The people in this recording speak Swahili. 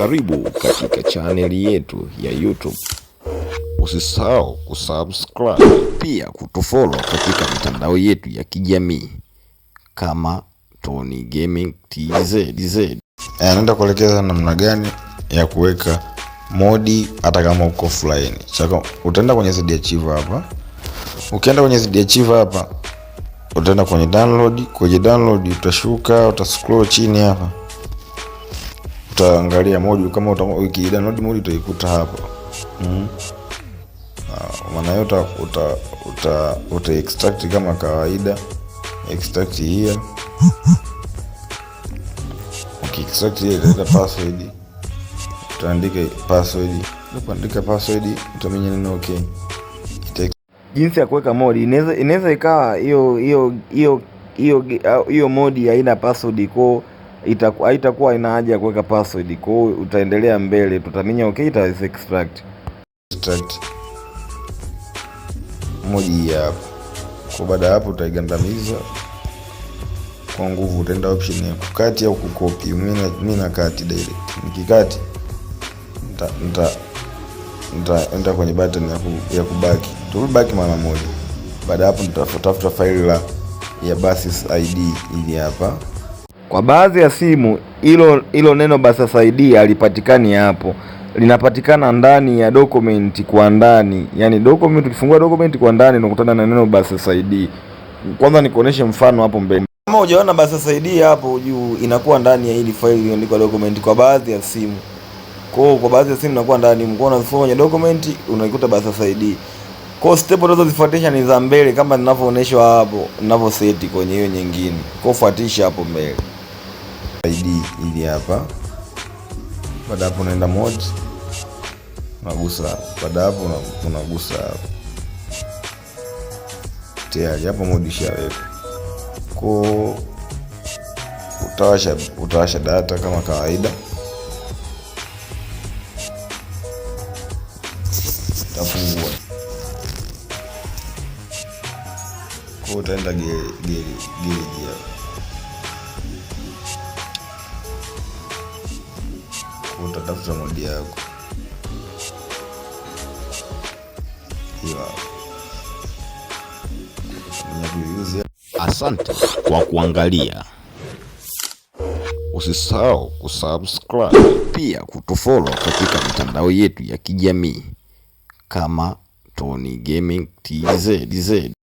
Karibu katika chaneli yetu ya YouTube. Usisahau kusubscribe, pia kutufollow katika mitandao yetu ya kijamii kama Tony Gaming TZ. Anaenda eh, kuelekeza namna gani ya kuweka modi hata kama uko offline. Chako, utaenda kwenye ZD Archive hapa. Ukienda kwenye ZD Archive hapa utaenda kwenye download. Kwenye download utashuka, utascroll chini hapa utaangalia module kama ukidownload module utaikuta hapo mm. Ah, maana yote uta, uta, uta, extract kama kawaida, extract here hiyo extract here italeta password, utaandika password, unapoandika password utamenya neno okay jinsi ya kuweka modi inaweza inaweza ikawa hiyo hiyo hiyo hiyo ah, modi haina password kwao haitakuwa ina haja ya kuweka password. Kwa hiyo utaendelea mbele, tutaminya okay, ita extract extract moja hapo. Kwa baada ya hapo, utaigandamiza kwa nguvu, utaenda option ya kukati au kukopi. Mimi na kati direct, nikikati nita nita nitaenda kwenye button ya, ku, ya kubaki tubaki mara moja. Baada hapo, nitatafuta faili la ya basis id ili hapa kwa baadhi ya simu hilo hilo neno BASASAIDIA halipatikani hapo, linapatikana ndani ya document kwa ndani. Yani document, ukifungua document kwa ndani unakutana na neno BASASAIDIA. Kwanza nikuoneshe mfano hapo mbele. Kama hujaona BASASAIDIA hapo juu, inakuwa ndani ya hili faili iliyoandikwa document kwa baadhi ya simu. Kwa kwa baadhi ya simu inakuwa ndani, mko na unasoma kwenye document unaikuta BASASAIDIA. Kwa step zifuatisha ni za mbele kama ninavyoonyeshwa hapo, ninavyo ninavyoseti kwenye hiyo nyingine. Kwa fuatisha hapo mbele. ID ili hapa. Baada hapo unaenda mode, unagusa baada hapo unagusa hapo, tayari hapo mode ishaweka ko utawasha, utawasha data kama kawaida, tafungua ko utaenda gereji hapa utatafuta modi yako Asante kwa kuangalia, usisahau kusubscribe pia kutufollow katika mitandao yetu ya kijamii kama Tony Gaming TZ.